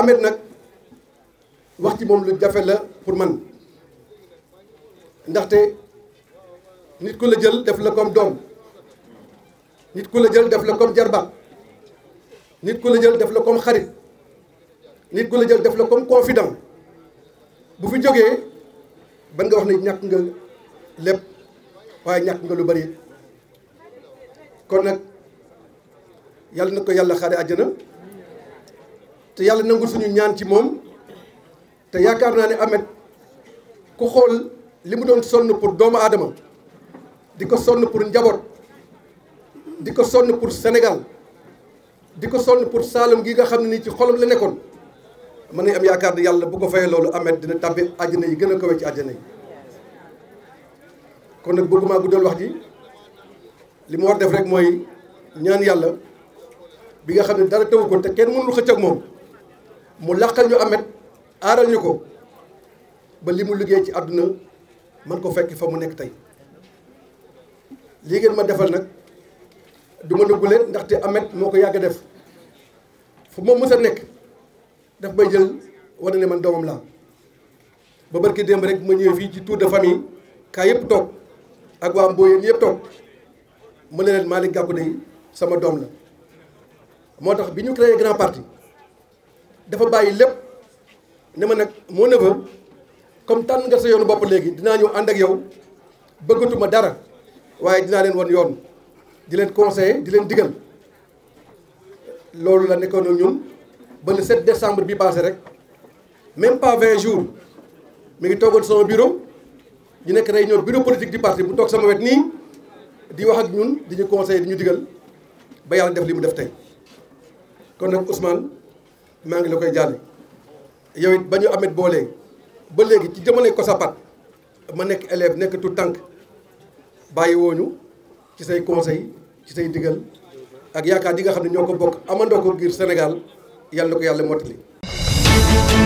amet nag wax ci moom lu jafe la pour man ndaxte nit ku la jël def la kom doom nit ku la jël def la comme jarbaat nit ku la jël def la comme xarit nit ku la jël def la comme confident bu fi jógee ban nga wax ne ñàkk nga lépp waaye ñàkk nga lu bari kon nag yàlla na ko yàlla xaare àjjana te yàlla nangul suñu ñaan ci moom te yaakaar naa ni amet ku xool li mu doon sonn pour doomu aadama di ko sonn pour njaboot di ko sonn pour Sénégal di ko sonn pour Saalum gi nga xam ne nii ci xolam la nekkoon mën nañ am yaakaar ne yàlla bu ko fayee loolu Ameth dina tàbbi àjjana yi gën a kawe ci àjjana yi kon nag bëgguma guddal wax ji li mu war def rek mooy ñaan yàlla bi nga xam ne dara tawu ko te kenn mënul xëcc ak moom mu làqal ñu amet aaral ñu ko ba li mu liggéey ci àdduna man ko fekk fa mu nekk tey lii ngeen ma defal nag du ma dugg leen ndaxte amet moo ko yàgg def fu moom mës a nekk daf may jël wane ne man doomam laa ba barki démb rek ma ñëwee fii ci tour de kaa yëpp toog ak waa Mboyeen yëpp toog mu ne leen maa Malick gàkku day sama doom la moo tax bi ñu créé grand parti dafa bàyyi lépp ne ma nag moo neveu comme tànn nga sa yoonu bopp léegi dinaa ñëw ànd ak yow bëggatuma dara waaye dinaa leen wan yoon di leen conseiller di leen digal loolu la nekkoon ak ñun ba le 7 bi passé rek même pas 20 jour mi ngi toogoon sama bureau ñu nekk réunion bureau politique du parti bu toog sama wet nii. di wax ak ñun di ñu conseillé di ñu digal ba yàlla def li mu def tey kon nag Ousmane maa ngi la koy jàll yow ba ñu amet boolee ba léegi ci ko Kosapat ma nekk élève nekkatu tànk bàyyi wooñu ci say conseil ci say digal ak yaakaar yi nga xam ne ñoo ko bokk amandoo ko ngir Sénégal yàlla na ko yàlla mottali